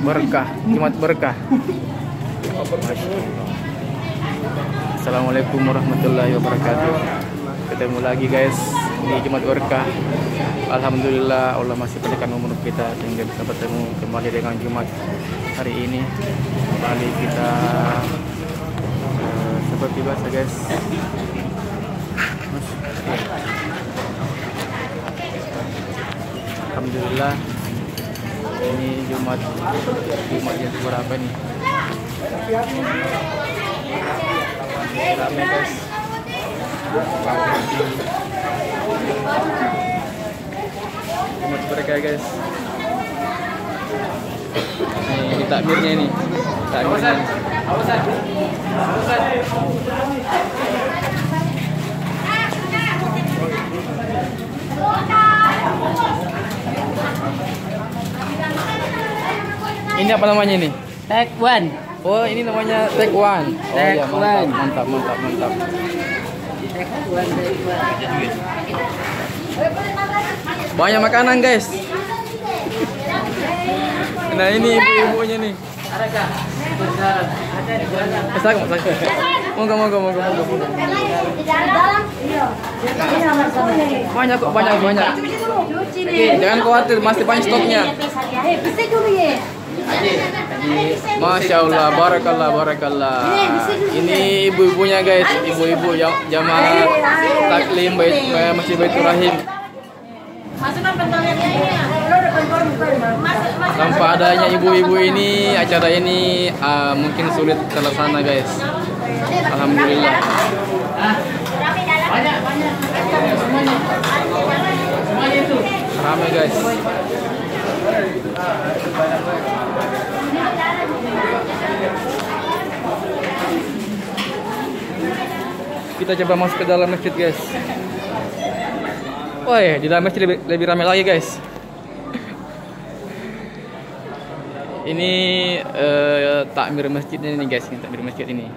berkah Jumat berkah Assalamualaikum warahmatullahi wabarakatuh ketemu lagi guys di Jumat berkah Alhamdulillah Allah masih panjangkan umur kita sehingga bisa bertemu kembali dengan Jumat hari ini kembali kita uh, seperti biasa guys Alhamdulillah ini Jumat Jumat yang berapa nih rame guys Jumat mereka guys ini takbirnya ini takbirnya ini. Ini apa namanya ini? Tag One. Oh, ini namanya Tag One. Oh, tag iya, mantap, One. Mantap, mantap, mantap. Banyak makanan, guys. nah, ini ibu-ibunya nih. Monggo, monggo, monggo, monggo. Banyak kok, banyak, banyak. Jangan khawatir, masih banyak stoknya. Bisa dulu ya. Masya Allah, barakallah, barakallah. Ini ibu-ibunya guys, ibu-ibu yang jamaah taklim baik eh, masih baik Rahim. Tanpa adanya ibu-ibu ini, acara ini uh, mungkin sulit terlaksana guys. Alhamdulillah. Banyak, Ramai guys. Kita coba masuk ke dalam masjid, guys. Wah, ya, di dalam masjid lebih, lebih ramai lagi, guys. ini uh, takmir masjidnya ini, guys. Ini takmir masjid ini.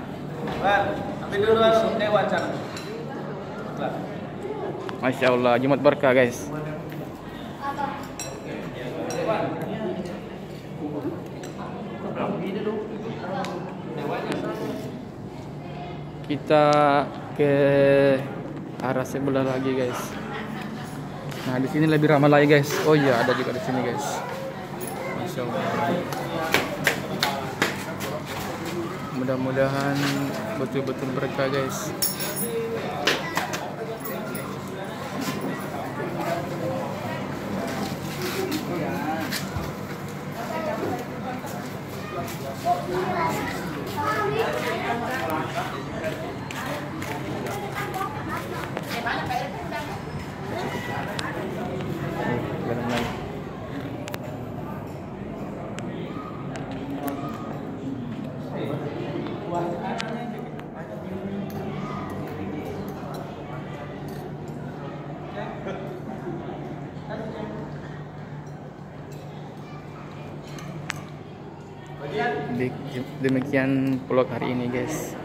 Masya Allah, Jumat berkah, guys kita ke arah sebelah lagi guys nah di sini lebih ramai lagi guys oh iya ada juga di sini guys masya allah mudah-mudahan betul-betul berkah guys Oh, demikian vlog hari ini guys